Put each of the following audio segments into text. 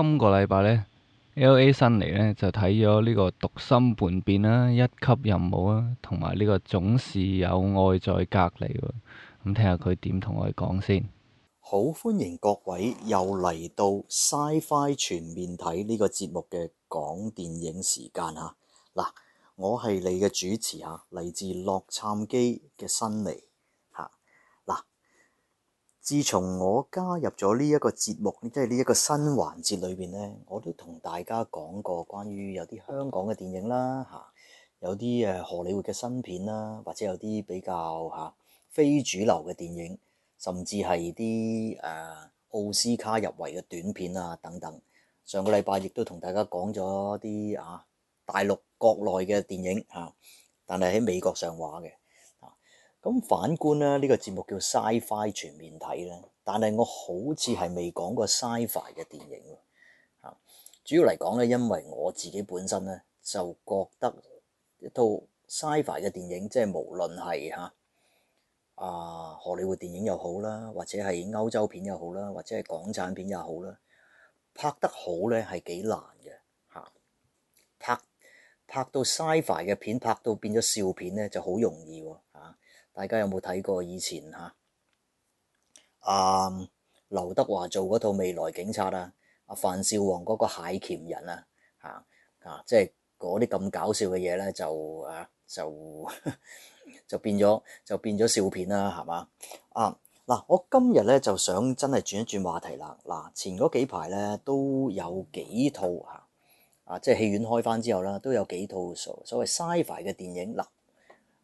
今個禮拜咧，L.A. 辛尼咧就睇咗呢個《讀心叛變》啦、啊，《一級任務啊》啦，同埋呢個《總是有愛在隔離》啊。咁、嗯、聽下佢點同我哋講先。好歡迎各位又嚟到《Sci-Fi 全面睇》呢個節目嘅講電影時間啊！嗱，我係你嘅主持啊，嚟自洛杉磯嘅辛尼。自從我加入咗呢一個節目，即係呢一個新環節裏邊咧，我都同大家講過關於有啲香港嘅電影啦，嚇，有啲誒荷里活嘅新片啦，或者有啲比較嚇非主流嘅電影，甚至係啲誒奧斯卡入圍嘅短片啊等等。上個禮拜亦都同大家講咗啲啊大陸國內嘅電影嚇，但係喺美國上畫嘅。咁反觀咧，呢個節目叫《Sci-Fi 全面睇》咧，但係我好似係未講過 Sci-Fi 嘅電影喎。嚇，主要嚟講咧，因為我自己本身咧就覺得一套 Sci-Fi 嘅電影，即係無論係嚇啊荷里活電影又好啦，或者係歐洲片又好啦，或者係港產片又好啦，拍得好咧係幾難嘅嚇、啊。拍拍到 Sci-Fi 嘅片，拍到變咗笑片咧，就好容易喎。大家有冇睇過以前嚇？啊，劉德華做嗰套未來警察啊，阿樊少皇嗰個蟹鉗人啊，嚇啊，即係嗰啲咁搞笑嘅嘢咧，就啊就 就變咗就變咗笑片啦，係嘛？啊，嗱，我今日咧就想真係轉一轉話題啦。嗱、啊，前嗰幾排咧都有幾套嚇啊，即係戲院開返之後啦，都有幾套所所謂 sci-fi 嘅電影嗱、啊、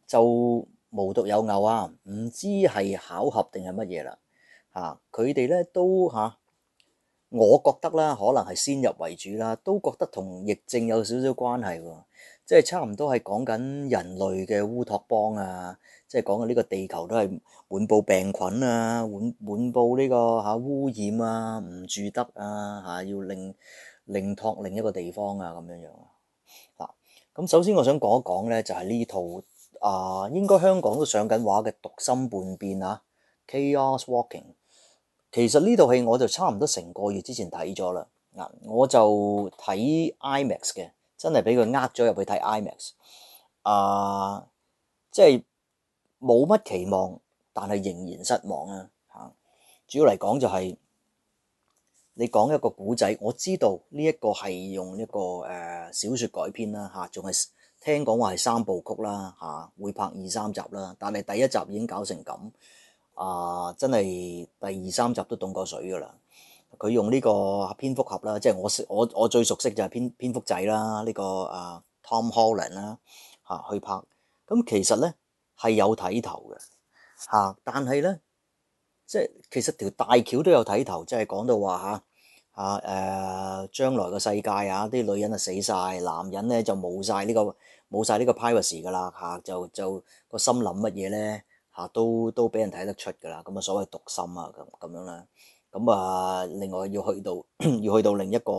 就。無獨有偶啊，唔知係巧合定係乜嘢啦，吓佢哋咧都吓，我覺得啦，可能係先入為主啦，都覺得同疫症有少少關係，即係差唔多係講緊人類嘅烏托邦啊，即係講緊呢個地球都係滿布病菌啊，滿滿布呢個吓污染啊，唔住得啊，吓要另另托另一個地方啊，咁樣樣啊，嗱，咁首先我想講一講咧，就係呢套。啊，應該香港都上緊畫嘅《讀心叛變》啊，《Chaos Walking》。其實呢套戲我就差唔多成個月之前睇咗啦，嗱，我就睇 IMAX 嘅，真係俾佢呃咗入去睇 IMAX。啊，即係冇乜期望，但係仍然失望啊！嚇，主要嚟講就係、是、你講一個古仔，我知道呢一個係用一個誒小説改編啦嚇，仲係。聽講話係三部曲啦，嚇、啊、會拍二三集啦，但係第一集已經搞成咁，啊真係第二三集都凍過水㗎喇。佢用呢個蝙蝠俠啦，即係我我我最熟悉就係蝙蝙蝠仔啦，呢、這個啊 Tom Holland 啦、啊、嚇去拍，咁其實咧係有睇頭嘅嚇、啊，但係咧即係其實條大橋都有睇頭，即係講到話嚇嚇誒將來個世界啊啲女人啊死晒，男人咧就冇晒呢個。冇晒呢個 privacy 噶啦嚇、啊，就就個心諗乜嘢咧嚇，都都俾人睇得出噶啦。咁啊，所謂讀心啊咁咁樣啦。咁啊，另外要去到要去到另一個，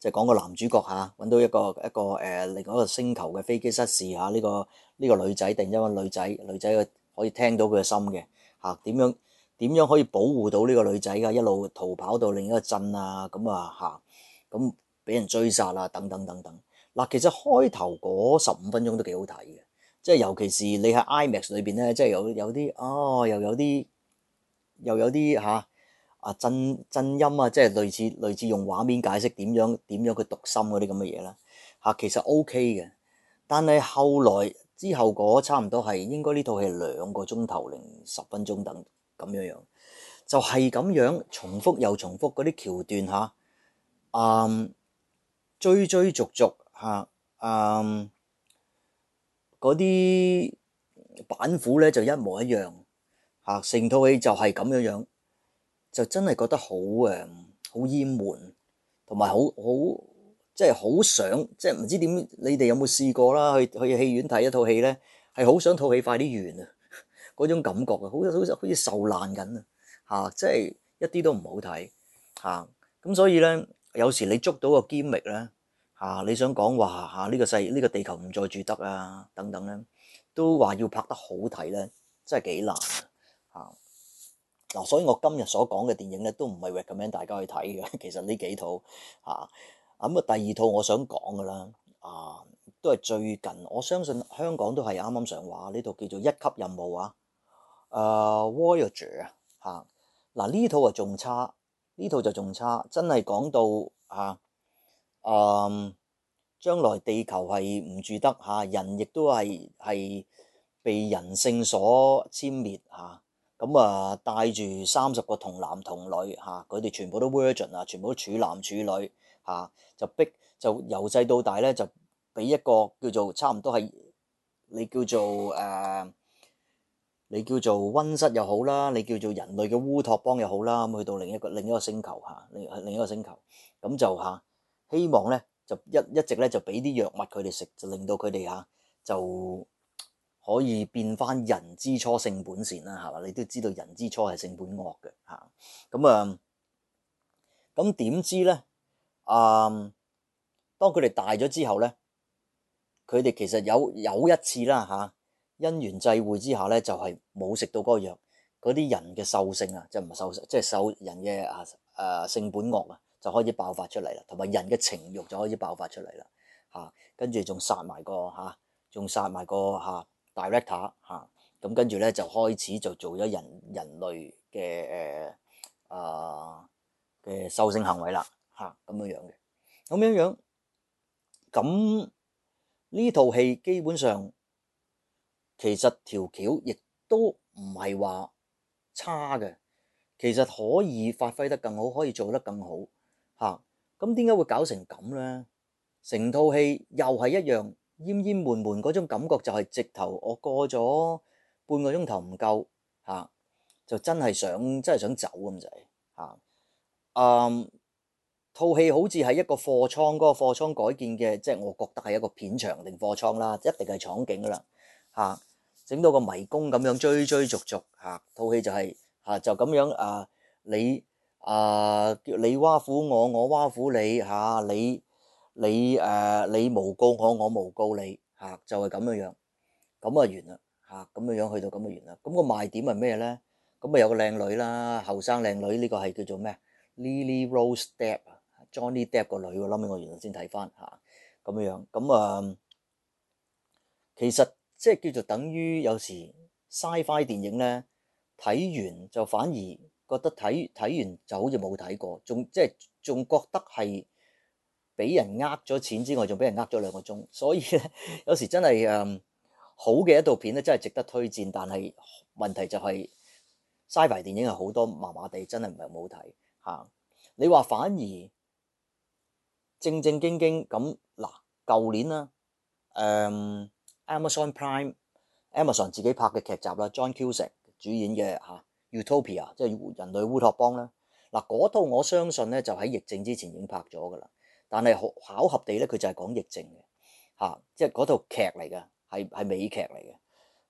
就是、講個男主角嚇，揾、啊、到一個一個誒、呃、另一個星球嘅飛機失事嚇，呢、啊這個呢、這個女仔定一個女仔，女仔嘅可以聽到佢嘅心嘅嚇，點、啊、樣點樣可以保護到呢個女仔噶，一路逃跑到另一個鎮啊，咁啊嚇，咁、啊、俾、啊啊、人追殺啊，等等等等，等。嗱，其實開頭嗰十五分鐘都幾好睇嘅，即係尤其是你喺 IMAX 裏邊咧，即係有有啲啊、哦，又有啲又有啲嚇啊，震震音啊，即係類似類似、類似用畫面解釋點樣點樣佢讀心嗰啲咁嘅嘢啦嚇，其實 OK 嘅，但係後來之後嗰差唔多係應該呢套戲兩個鐘頭零十分鐘等咁樣、就係、樣，就係咁樣重複又重複嗰啲橋段嚇、啊，嗯，追追逐逐、逐。吓、啊，嗯，嗰啲板斧咧就一模一樣，吓、啊、成套戲就係咁樣樣，就真係覺得好誒，好、嗯、厭悶，同埋好好即係好想即係唔知點，你哋有冇試過啦？去去戲院睇一套戲咧，係好想套戲快啲完啊，嗰種感覺啊，好好好好似受難緊啊，吓即係一啲都唔好睇，吓咁所以咧，有時你捉到個 gimmick 咧。吓、啊！你想講話吓呢個世呢、呢個地球唔再住得啊？等等咧，都話要拍得好睇咧，真係幾難啊！嗱，所以我今日所講嘅電影咧，都唔係 recommend 大家去睇嘅。其實呢幾套吓咁啊，啊，第二套我想講噶啦，啊，都係最近，我相信香港都係啱啱上畫，呢套叫做《一級任務》啊啊，誒，《Voyager》啊啊吓，嗱呢套啊仲差，呢套就仲差，差，真係講到啊～嗯，將來地球係唔住得嚇，人亦都係係被人性所殲滅嚇。咁啊，帶住三十個童男童女嚇，佢、啊、哋全部都 virgin 啊，全部都處男處女嚇、啊，就逼就由細到大咧，就俾一個叫做差唔多係你叫做誒、啊，你叫做溫室又好啦，你叫做人類嘅烏托邦又好啦，咁去到另一個另一個星球嚇、啊，另另一個星球咁、啊、就嚇。啊希望咧就一一直咧就俾啲藥物佢哋食，就令到佢哋嚇就可以變翻人之初性本善啦，係嘛？你都知道人之初係性本惡嘅嚇，咁啊咁點知咧？啊，當佢哋大咗之後咧，佢哋其實有有一次啦嚇、啊，因緣際會之下咧就係冇食到嗰個藥，嗰啲人嘅獸性、就係獸就係、獸啊，即係唔係獸，即係獸人嘅啊啊性本惡啊！就開始爆發出嚟啦，同埋人嘅情慾就開始爆發出嚟啦。嚇、啊啊，跟住仲殺埋個吓，仲殺埋個 director 嚇。咁跟住咧就開始就做咗人人類嘅誒啊嘅修性行為啦。嚇、啊、咁樣樣嘅咁樣樣咁，呢套戲基本上其實條橋亦都唔係話差嘅，其實可以發揮得更好，可以做得更好。吓，咁點解會搞成咁咧？成套戲又係一樣煙煙悶悶嗰種感覺就、啊，就係直頭我過咗半個鐘頭唔夠，吓就真係想真係想走咁仔，吓、啊，嗯、啊，套戲好似係一個貨倉嗰個貨倉改建嘅，即、就、係、是、我覺得係一個片場定貨倉啦，一定係廠景噶啦，吓、啊、整到個迷宮咁樣追追逐逐吓，套戲就係、是、吓、啊、就咁樣啊你。啊！叫你挖苦我，我挖苦你吓、啊，你你誒、啊，你誣告我，我誣告你吓、啊，就係咁樣樣，咁啊完啦吓，咁樣樣去到咁啊完啦。咁、嗯個賣點係咩咧？咁啊有個靚女啦，後生靚女呢、呢個係叫做咩？Lily Rose Depp，Johnny Depp 個女，我諗起我原來先睇翻吓，咁、啊、樣樣。咁、嗯、啊，其實即係叫做等於有時 Sci-Fi 電影咧，睇完就反而。覺得睇睇完，完就好似冇睇過，仲即係仲覺得係俾人呃咗錢之外，仲俾人呃咗兩個鐘。所以咧， 有時真係誒、嗯、好嘅一套片咧，真係值得推薦。但係問題就係、是，嘥埋電影係好多麻麻地，真係唔係好睇嚇、啊。你話反而正正經經咁嗱，舊年啦，誒、嗯、Amazon Prime、Amazon 自己拍嘅劇集啦，John Cusack 主演嘅嚇。啊 Utopia 即係人類烏托邦咧，嗱嗰套我相信咧就喺疫症之前已經拍咗噶啦，但係好巧合地咧佢就係講疫症嘅嚇、啊，即係嗰套劇嚟嘅，係係美劇嚟嘅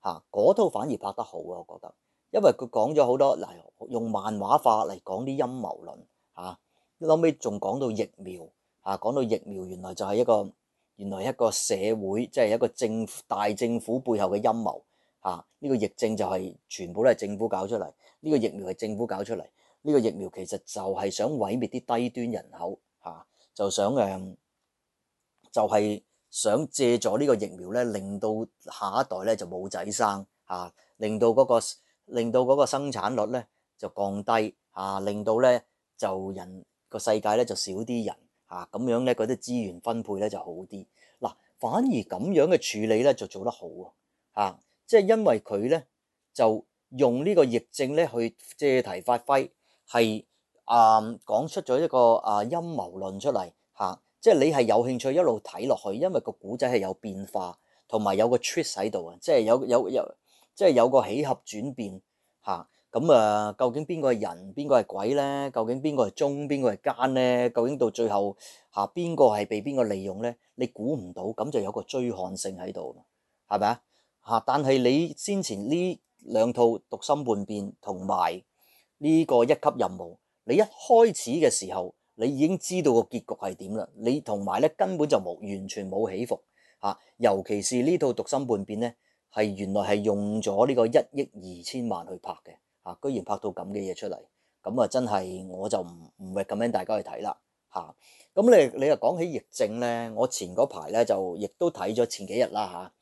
嚇，嗰、啊、套反而拍得好啊，我覺得，因為佢講咗好多嗱、啊，用漫畫法嚟講啲陰謀論一、啊、後尾仲講到疫苗嚇，講、啊、到疫苗原來就係一個原來一個社會即係、就是、一個政大政府背後嘅陰謀。啊！呢個疫症就係全部都係政府搞出嚟，呢個疫苗係政府搞出嚟，呢個疫苗其實就係想毀滅啲低端人口，吓，就想誒，就係想借助呢個疫苗咧，令到下一代咧就冇仔生，吓，令到嗰個令到嗰個生產率咧就降低，吓，令到咧就人、個世界咧就少啲人，吓，咁樣咧嗰啲資源分配咧就好啲，嗱，反而咁樣嘅處理咧就做得好吓。啊即係因為佢咧就用呢個疫症咧去借題發揮，係啊，講出咗一個啊陰謀論出嚟嚇、啊。即係你係有興趣一路睇落去，因為個古仔係有變化，同埋有個 trick 喺度啊！即係有有有即係有個起合轉變嚇。咁啊，啊，究竟邊個係人，邊個係鬼咧？究竟邊個係忠，邊個係奸咧？究竟到最後嚇邊個係被邊個利用咧？你估唔到，咁就有個追看性喺度，係咪啊？嚇！但係你先前呢兩套《讀心叛變》同埋呢個一級任務，你一開始嘅時候，你已經知道個結局係點啦。你同埋咧根本就冇完全冇起伏嚇。尤其是套讀呢套《讀心叛變》咧，係原來係用咗呢個一億二千萬去拍嘅嚇，居然拍到咁嘅嘢出嚟，咁啊真係我就唔唔係咁樣大家去睇啦嚇。咁你你又講起疫症咧，我前嗰排咧就亦都睇咗前幾日啦嚇。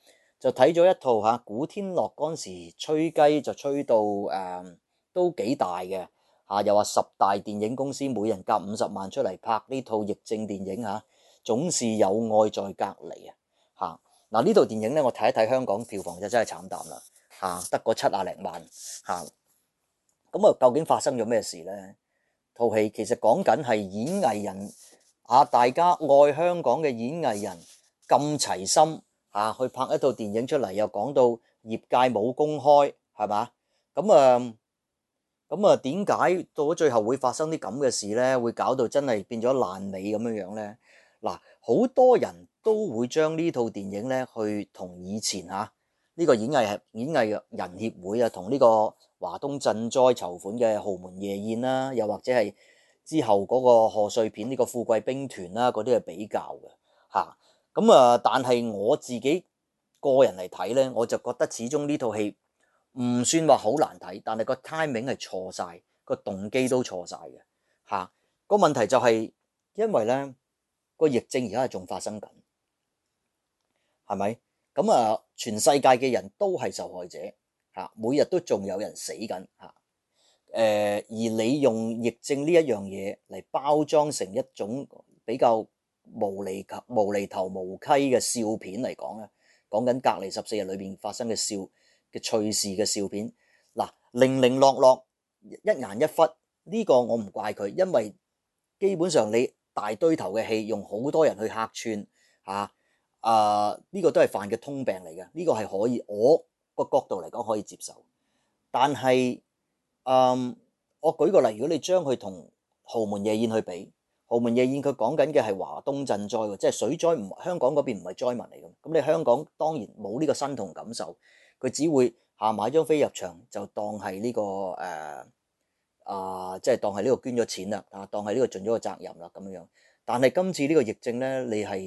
就睇咗一套嚇，古天樂嗰陣時吹雞就吹到誒、呃、都幾大嘅嚇、啊，又話十大電影公司每人夾五十萬出嚟拍呢套疫症電影嚇、啊，總是有愛在隔離啊嚇！嗱、啊、呢套電影咧，我睇一睇香港票房就真係慘淡啦嚇，得個七啊零萬嚇。咁啊，啊啊究竟發生咗咩事咧？套戲其實講緊係演藝人啊，大家愛香港嘅演藝人咁齊心。啊！去拍一套電影出嚟，又講到業界冇公開，係嘛？咁、嗯、啊，咁、嗯、啊，點、嗯、解到咗最後會發生啲咁嘅事咧？會搞到真係變咗爛尾咁樣樣咧？嗱、啊，好多人都會將呢套電影咧，去同以前嚇呢、啊呢個演藝係演藝人協會啊，同呢個華東賑災籌款嘅豪門夜宴啦、啊，又或者係之後嗰個賀歲片呢、呢個《富貴兵團》啦，嗰啲去比較嘅嚇。啊。咁啊，但係我自己個人嚟睇咧，我就覺得始終呢套戲唔算話好難睇，但係個 timing 係錯晒，個動機都錯晒。嘅、啊、嚇。個問題就係因為咧個疫症而家係仲發生緊，係咪？咁啊，全世界嘅人都係受害者嚇、啊，每日都仲有人死緊嚇。誒、啊，而你用疫症呢一樣嘢嚟包裝成一種比較～無厘頭無厘頭無稽嘅笑片嚟講啊，講緊隔離十四日裏邊發生嘅笑嘅趣事嘅笑片嗱，零零落落一眼一忽呢、這個我唔怪佢，因為基本上你大堆頭嘅戲用好多人去客串嚇，誒、啊、呢、啊這個都係犯嘅通病嚟嘅，呢、這個係可以我個角度嚟講可以接受，但係誒、嗯、我舉個例，如果你將佢同《豪門夜宴》去比。澳門夜宴，佢講緊嘅係華東賑災，即係水災。唔香港嗰邊唔係災民嚟㗎，咁你香港當然冇呢個身同感受，佢只會行埋張飛入場就當係呢個誒啊，啊，即係當係呢個捐咗錢啦，啊，當係呢個盡咗個責任啦咁樣。但係今次呢個疫症咧，你係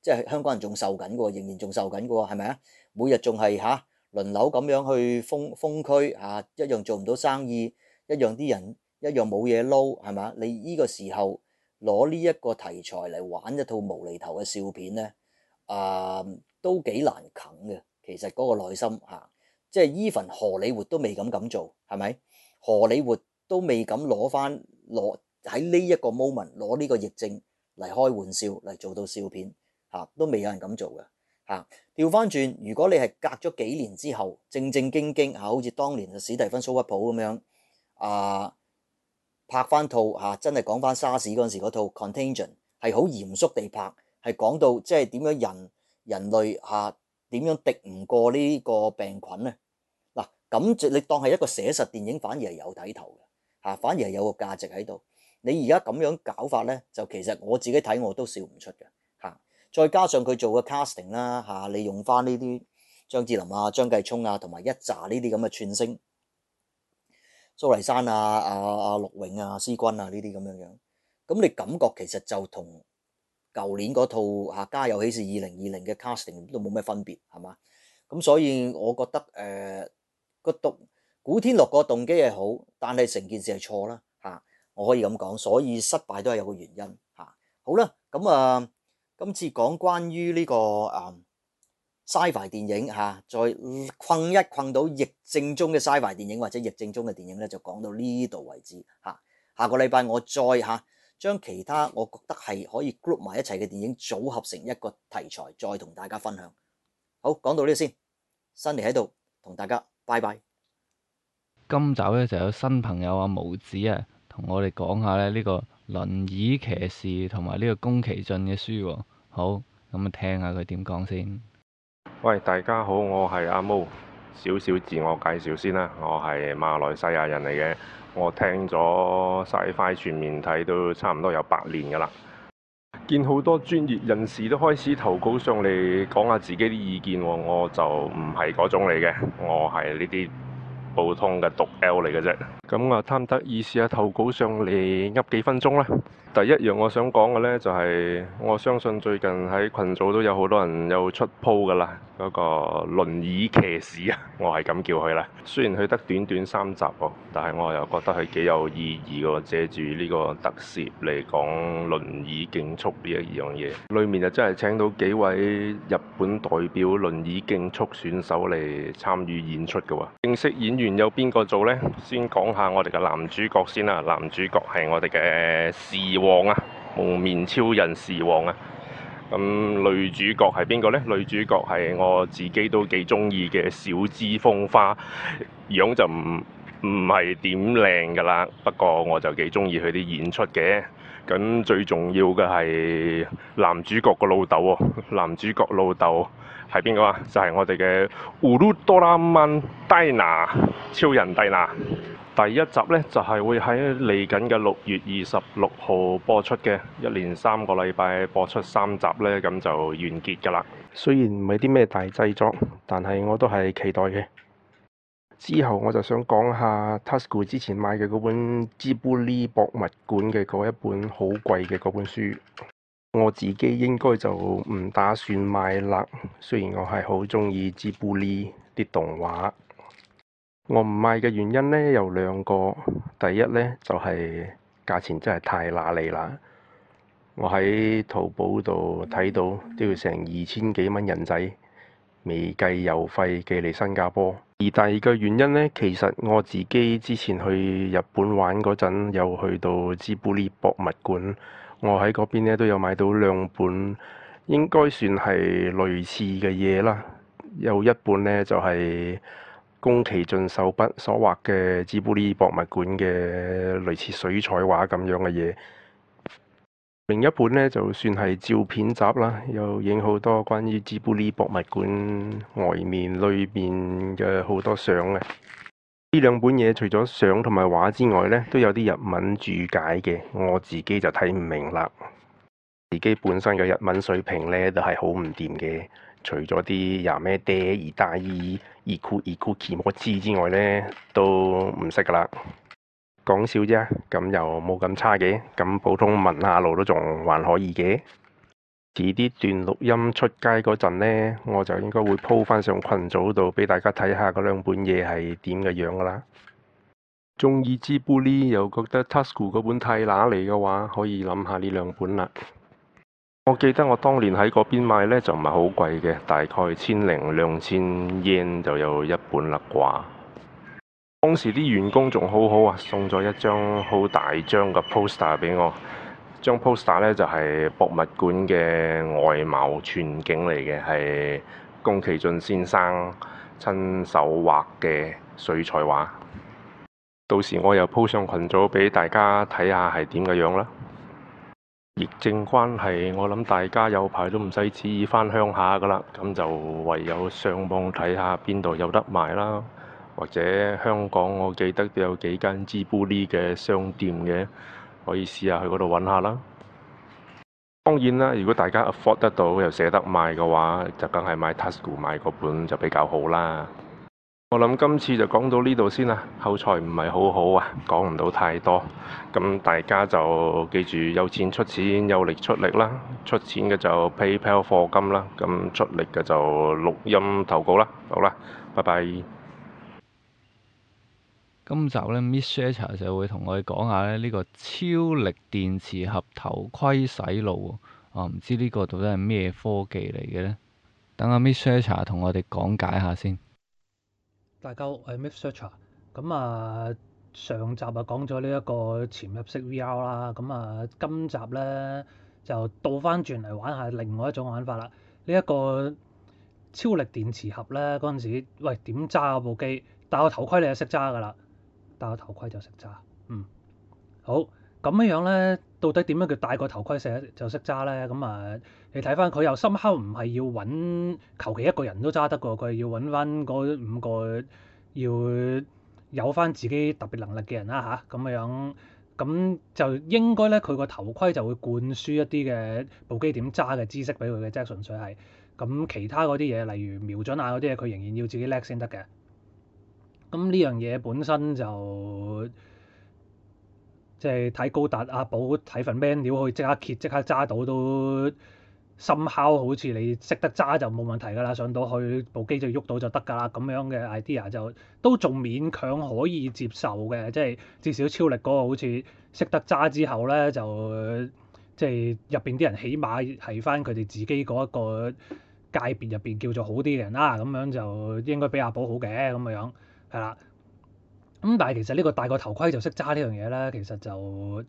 即係香港人仲受緊㗎喎，仍然仲受緊㗎喎，係咪啊？每日仲係嚇輪流咁樣去封封區嚇，啊，一樣做唔到生意，一樣啲人一樣冇嘢撈係咪？你呢個時候。攞呢一個題材嚟玩一套無厘頭嘅笑片咧、呃，啊，都幾難啃嘅。其實嗰個內心嚇，即係 even 荷里活都未敢咁做，係咪？荷里活都未敢攞翻攞喺呢一個 moment 攞呢個疫症嚟開玩笑嚟做到笑片嚇、啊，都未有人咁做嘅嚇。調翻轉，如果你係隔咗幾年之後正正經經嚇、啊，好似當年嘅史蒂芬蘇格普咁樣啊。拍翻套嚇，真係講翻沙士嗰陣時嗰套 Contagion 係好嚴肅地拍，係講到即係點樣人人類嚇點、啊、樣敵唔過呢個病菌咧？嗱、啊，咁就你當係一個寫實電影，反而係有睇頭嘅嚇、啊，反而係有個價值喺度。你而家咁樣搞法咧，就其實我自己睇我都笑唔出嘅嚇、啊。再加上佢做嘅 casting 啦、啊、嚇，你用翻呢啲張智霖啊、張繼聰啊同埋一紮呢啲咁嘅串星。蘇麗珊啊、阿阿陸永啊、施軍啊呢啲咁樣樣，咁你感覺其實就同舊年嗰套《家有喜事》二零二零嘅 casting 都冇咩分別係嘛？咁所以我覺得誒個動古天樂個動機係好，但係成件事係錯啦吓，我可以咁講，所以失敗都係有個原因吓、啊。好啦，咁、嗯、啊今次講關於呢、這個嗯。啊 Sci-Fi 電影吓，再困一困到逆正宗嘅 Sci-Fi 電影或者逆正宗嘅電影咧，就講到呢度為止吓。下個禮拜我再吓將、啊、其他我覺得係可以 group 埋一齊嘅電影組合成一個題材，再同大家分享。好，講到呢度先。辛尼喺度同大家拜拜。今集咧就有新朋友阿毛子啊，同我哋講下咧、這、呢個《輪椅騎士》同埋呢個宮崎駿嘅書喎。好，咁啊聽下佢點講先。喂，大家好，我係阿毛，少少自我介紹先啦，我係馬來西亞人嚟嘅，我聽咗 Sci-Fi 全面睇都差唔多有八年噶啦，見好多專業人士都開始投稿上嚟講下自己啲意見、哦，我就唔係嗰種嚟嘅，我係呢啲普通嘅毒 L 嚟嘅啫，咁啊貪得意試下、啊、投稿上嚟噏幾分鐘啦。第一樣我想講嘅呢，就係、是、我相信最近喺群組都有好多人有出鋪噶啦，嗰、那個輪椅騎士啊， 我係咁叫佢啦。雖然佢得短短三集喎，但係我又覺得係幾有意義嘅，借住呢個特攝嚟講輪椅競速呢一樣嘢。裡面又真係請到幾位日本代表輪椅競速選手嚟參與演出嘅喎。正式演員有邊個做呢？先講下我哋嘅男主角先啦。男主角係我哋嘅寺王啊，蒙面超人時王啊，咁、嗯、女主角係邊個呢？女主角係我自己都幾鍾意嘅小資風花，樣就唔唔係點靚㗎啦，不過我就幾鍾意佢啲演出嘅。咁、嗯、最重要嘅係男主角個老豆喎，男主角老豆係邊個啊？就係、是、我哋嘅烏魯多拉曼蒂娜超人蒂娜。第一集呢，就係、是、會喺嚟緊嘅六月二十六號播出嘅，一連三個禮拜播出三集呢，咁就完結㗎啦。雖然唔係啲咩大製作，但係我都係期待嘅。之後我就想講下 Tasuku 之前買嘅嗰本 Ghibli 博物館嘅嗰一本好貴嘅嗰本書，我自己應該就唔打算買啦。雖然我係好鍾意 Ghibli 啲動畫。我唔賣嘅原因呢，有兩個，第一呢，就係、是、價錢真係太喇利啦，我喺淘寶度睇到都要成二千幾蚊人仔，未計郵費寄嚟新加坡。而第二個原因呢，其實我自己之前去日本玩嗰陣，有去到吉卜力博物館，我喺嗰邊呢都有買到兩本，應該算係類似嘅嘢啦，有一本呢就係、是。宮崎駿手筆所畫嘅芝布利博物館嘅類似水彩畫咁樣嘅嘢，另一本呢就算係照片集啦，又影好多關於芝布利博物館外面、裏面嘅好多相嘅。呢兩本嘢除咗相同埋畫之外呢，都有啲日文注解嘅，我自己就睇唔明啦，自己本身嘅日文水平呢，都係好唔掂嘅。除咗啲廿咩爹兒大姨兒酷、兒酷奇、我知之外呢，都唔識噶啦。講笑啫，咁又冇咁差嘅，咁普通問下路都仲還還可以嘅。遲啲段錄音出街嗰陣呢，我就應該會鋪返上群組度俾大家睇下嗰兩本嘢係點嘅樣噶啦。中意《芝布尼》又覺得 Tasuku 嗰本太難嚟嘅話，可以諗下呢兩本啦。我記得我當年喺嗰邊買呢，就唔係好貴嘅，大概千零兩千 yen 就有一本啦啩。當時啲員工仲好好啊，送咗一張好大張嘅 poster 俾我，張 poster 呢，就係、是、博物館嘅外貌全景嚟嘅，係宮崎駿先生親手畫嘅水彩畫。到時我又 po 上群組俾大家睇下係點嘅樣啦。疫症關係，我諗大家有排都唔使旨意返鄉下噶啦，咁就唯有上網睇下邊度有得賣啦。或者香港，我記得都有幾間 Ghibli 嘅商店嘅，可以試下去嗰度揾下啦。當然啦，如果大家 afford 得到又捨得買嘅話，就梗係買 Tasuku 買嗰本就比較好啦。我諗今次就講到呢度先啦，口才唔係好好啊，講唔到太多。咁大家就記住有錢出錢，有力出力啦。出錢嘅就 PayPal 課金啦，咁出力嘅就錄音投稿啦。好啦，拜拜。今集呢，MythSearcher 就會同我哋講下呢個超力電磁俠頭盔洗腦。啊，唔知呢個到底係咩科技嚟嘅呢？等阿 MythSearcher 同我哋講解下先。大家好，我係 MythSearcher 啊、er，咁啊，上集啊講咗呢一個潛入式 VR 啦，咁啊，今集咧就倒翻轉嚟玩下另外一種玩法啦，呢、這、一個超力電磁俠咧，嗰陣時喂點揸部機，戴個頭盔你就識揸噶啦，戴個頭盔就識揸，嗯，好咁樣樣咧。到底點樣叫戴個頭盔成日就識揸咧？咁啊，你睇翻佢又深刻唔係要揾求其一個人都揸得過，佢係要揾翻嗰五個要有翻自己特別能力嘅人啦吓，咁、啊、嘅樣，咁就應該咧，佢個頭盔就會灌輸一啲嘅部機點揸嘅知識俾佢嘅即係，純粹係咁其他嗰啲嘢，例如瞄準眼嗰啲嘢，佢仍然要自己叻先得嘅。咁呢樣嘢本身就～即係睇高達阿寶睇份 menu 可以即刻揭，即刻揸到都心敲，好似你識得揸就冇問題㗎啦。上到去部機就喐到就得㗎啦。咁樣嘅 idea 就都仲勉強可以接受嘅，即係至少超力嗰個好似識得揸之後咧，就即係入邊啲人起碼係翻佢哋自己嗰一個界別入邊叫做好啲嘅人啦。咁樣就應該比阿寶好嘅咁嘅樣，係啦。咁但係其實呢個戴個頭盔就識揸呢樣嘢咧，其實就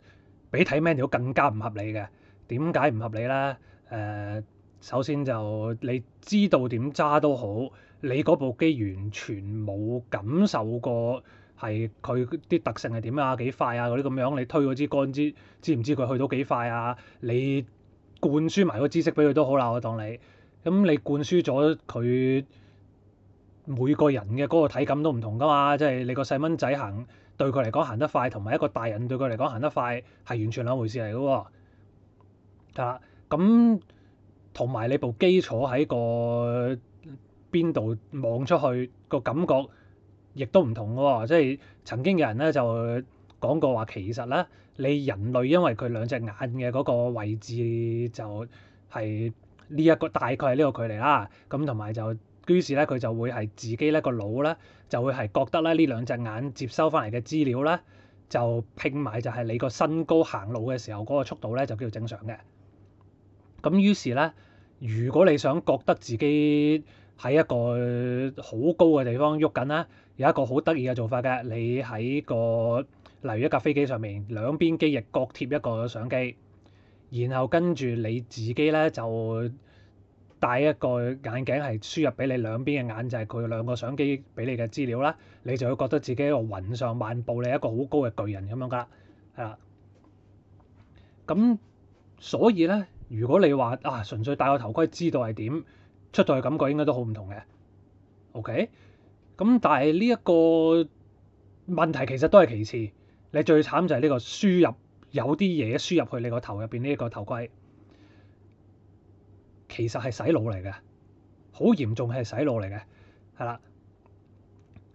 比睇 manual 都更加唔合理嘅。點解唔合理咧？誒、呃，首先就你知道點揸都好，你嗰部機完全冇感受過，係佢啲特性係點啊，幾快啊嗰啲咁樣，你推嗰支桿，知知唔知佢去到幾快啊？你灌輸埋個知識俾佢都好啦，我當你。咁你灌輸咗佢。每個人嘅嗰個體感都唔同噶嘛，即係你個細蚊仔行對佢嚟講行得快，同埋一個大人對佢嚟講行得快係完全兩回事嚟嘅喎。係啦，咁同埋你部機坐喺個邊度望出去個感覺亦都唔同喎，即係曾經嘅人咧就講過話，其實咧你人類因為佢兩隻眼嘅嗰個位置就係呢一個大概係呢個距離啦。咁同埋就。於是咧，佢就會係自己咧個腦咧，就會係覺得咧呢兩隻眼接收翻嚟嘅資料咧，就拼埋就係你個身高行路嘅時候嗰個速度咧，就叫做正常嘅。咁於是咧，如果你想覺得自己喺一個好高嘅地方喐緊啦，有一個好得意嘅做法嘅，你喺個例如一架飛機上面，兩邊機翼各貼一個相機，然後跟住你自己咧就～戴一個眼鏡，係輸入俾你兩邊嘅眼，就係佢兩個相機俾你嘅資料啦，你就會覺得自己喺個雲上漫步，你一個好高嘅巨人咁樣噶，係啦。咁、嗯、所以咧，如果你話啊純粹戴個頭盔知道係點，出到去感覺應該都好唔同嘅。OK，咁、嗯、但係呢一個問題其實都係其次，你最慘就係呢個輸入有啲嘢輸入去你個頭入邊呢個頭盔。其實係洗腦嚟嘅，好嚴重係洗腦嚟嘅，係啦。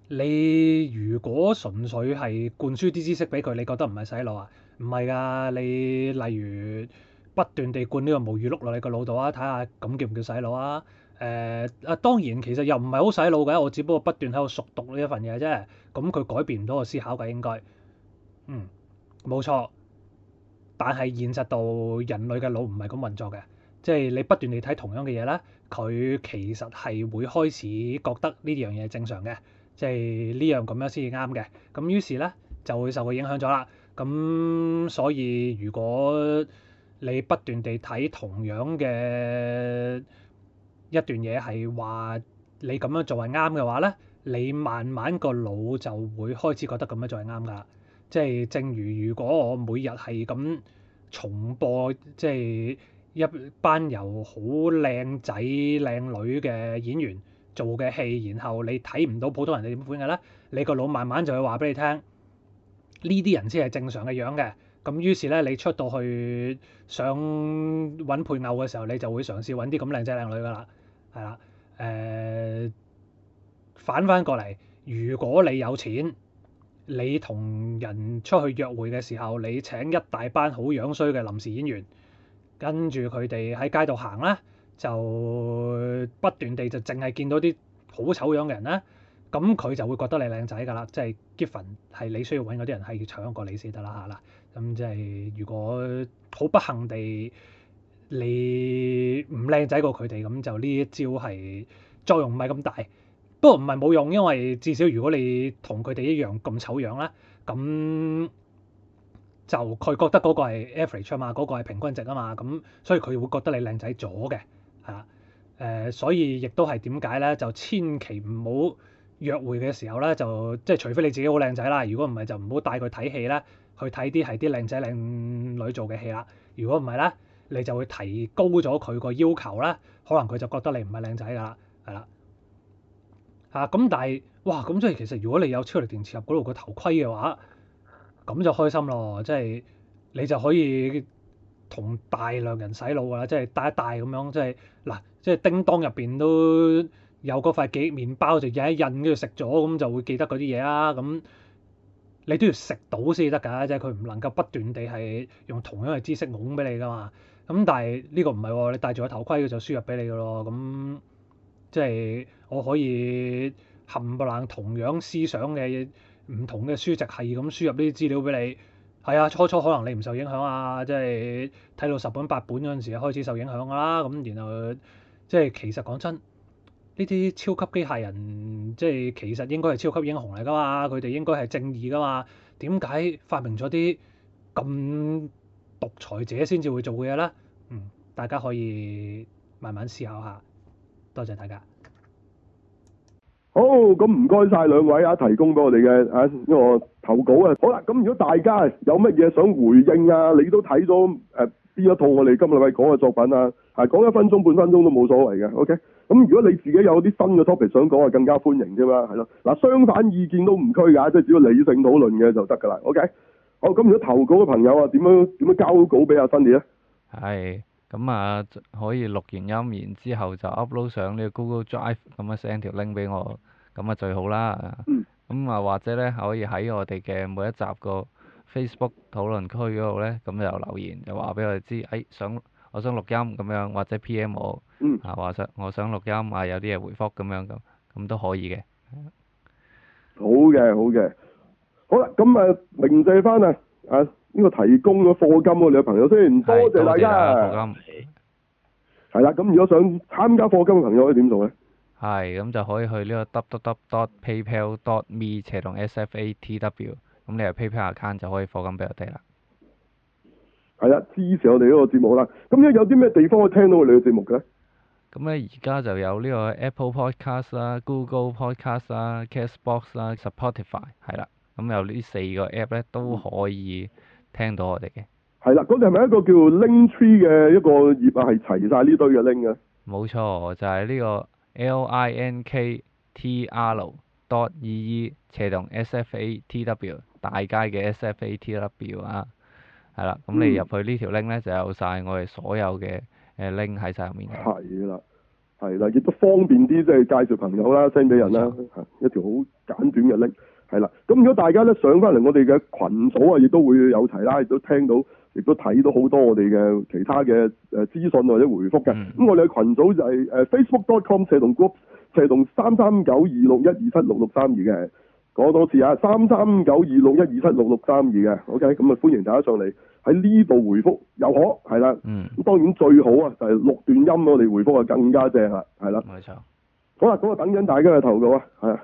你如果純粹係灌輸啲知識俾佢，你覺得唔係洗腦啊？唔係㗎，你例如不斷地灌呢個毛語錄落你個腦度啊，睇下咁叫唔叫洗腦啊？誒啊，當然其實又唔係好洗腦嘅，我只不過不斷喺度熟讀呢一份嘢啫。咁佢改變唔到我思考嘅，應該。嗯，冇錯。但係現實度人類嘅腦唔係咁運作嘅。即係你不斷地睇同樣嘅嘢咧，佢其實係會開始覺得呢樣嘢正常嘅，即係呢樣咁樣先至啱嘅。咁於是咧就會受佢影響咗啦。咁所以如果你不斷地睇同樣嘅一段嘢係話你咁樣做係啱嘅話咧，你慢慢個腦就會開始覺得咁樣做係啱㗎。即係正如如果我每日係咁重播，即係。一班由好靚仔靚女嘅演員做嘅戲，然後你睇唔到普通人係點款嘅咧？你個腦慢慢就會話俾你聽，呢啲人先係正常嘅樣嘅。咁於是咧，你出到去想揾配偶嘅時候，你就會嘗試揾啲咁靚仔靚女㗎喇，係啦，誒、呃。反翻過嚟，如果你有錢，你同人出去約會嘅時候，你請一大班好樣衰嘅臨時演員。跟住佢哋喺街度行啦，就不斷地就淨係見到啲好醜樣嘅人啦，咁佢就會覺得你靚仔㗎啦，即係 Giffen 係你需要揾嗰啲人係要醜樣過你先得啦嚇啦，咁即係如果好不幸地你唔靚仔過佢哋，咁就呢一招係作用唔係咁大，不過唔係冇用，因為至少如果你同佢哋一樣咁醜樣啦，咁。就佢覺得嗰個係 average 啊嘛，嗰個係平均值啊嘛，咁、那個、所以佢會覺得你靚仔咗嘅，係啦，誒、呃，所以亦都係點解咧？就千祈唔好約會嘅時候咧，就即係除非你自己好靚仔啦，如果唔係就唔好帶佢睇戲咧，去睇啲係啲靚仔靚女做嘅戲啦。如果唔係咧，你就會提高咗佢個要求啦，可能佢就覺得你唔係靚仔㗎啦，係啦，嚇、啊、咁但係，哇！咁即係其實如果你有超力電磁入嗰度個頭盔嘅話。咁就開心咯，即係你就可以同大量人洗腦㗎啦，即係帶一帶咁樣，即係嗱，即係叮當入邊都有嗰塊幾麵包就一印跟住食咗，咁就會記得嗰啲嘢啦。咁你都要食到先得㗎，即係佢唔能夠不斷地係用同樣嘅知識蒙俾你㗎嘛。咁但係呢個唔係喎，你戴住個頭盔佢就輸入俾你㗎咯，咁即係我可以冚唪唥同樣思想嘅。唔同嘅書籍係咁輸入呢啲資料俾你，係啊，初初可能你唔受影響啊，即係睇到十本八本嗰陣時開始受影響㗎啦，咁然後即係其實講真，呢啲超級機械人即係其實應該係超級英雄嚟㗎嘛，佢哋應該係正義㗎嘛，點解發明咗啲咁獨裁者先至會做嘅嘢咧？嗯，大家可以慢慢思考下，多謝大家。好，咁唔該晒兩位啊，提供俾我哋嘅啊呢個投稿啊。好啦，咁如果大家有乜嘢想回應啊，你都睇咗誒呢一套我哋今日喂講嘅作品啊，係、啊、講一分鐘半分鐘都冇所謂嘅。OK，咁如果你自己有啲新嘅 topic 想講啊，更加歡迎啫嘛，係咯。嗱、啊，相反意見都唔拘噶，即係只要理性討論嘅就得噶啦。OK，好，咁如果投稿嘅朋友啊，點樣點樣交稿俾阿辛尼咧？係。Hey. 咁啊，可以錄完音，然之後就 upload 上呢個 Google Drive 咁樣 send 條 link 俾我，咁啊最好啦。咁、嗯、啊，或者咧可以喺我哋嘅每一集個 Facebook 討論區嗰度咧，咁就留言，就話俾我哋知，哎，想我想錄音咁樣，或者 PM 我，嗯、啊話想我想錄音啊，有啲嘢回覆咁樣咁，咁都可以嘅。好嘅，好嘅。好啦，咁啊，明仔翻啊，啊～呢個提供咗課金，我哋嘅朋友先，多是謝曬啦。係啦謝，咁如果想參加課金嘅朋友可以點做呢？係咁就可以去呢個 www.paypal.me dot 斜龍 sfatw，咁你有 paypal account 就可以課金俾我哋啦。係啦，支持我哋呢個節目啦。咁咧有啲咩地方可以聽到我哋嘅節目嘅？咁呢而家就有呢個 Apple Podcast 啦、Google Podcast 啦、Castbox 啦、Spotify 係啦，咁有呢四個 app 呢都可以、嗯。聽到我哋嘅。係啦，嗰度係咪一個叫 link tree 嘅一個頁啊？係齊晒呢堆嘅 link 嘅、啊。冇錯，就係、是、呢個 l i n k t r dot e e 斜同 sfatw 大街嘅 sfatw 啊。係、嗯、啦，咁你入去呢條 link 咧，就有晒我哋所有嘅誒 link 喺晒入面。係啦，係啦，亦都方便啲，即係介紹朋友啦，s e n d 畀人啦，錯一條好簡短嘅 link。係啦，咁如果大家咧上翻嚟，我哋嘅群組啊，亦都會有齊啦，亦都聽到，亦都睇到好多我哋嘅其他嘅誒資訊或者回覆嘅。咁、嗯、我哋嘅群組就係誒 facebook dot com slash group slash 三三九二六一二七六六三二嘅，講多次啊，三三九二六一二七六六三二嘅，OK，咁啊歡迎大家上嚟喺呢度回覆，又可係啦。嗯。咁當然最好啊，就係錄段音我哋回覆啊，更加正啦，係啦。冇錯。好啦，咁啊等緊大家嘅投稿啊，係啊。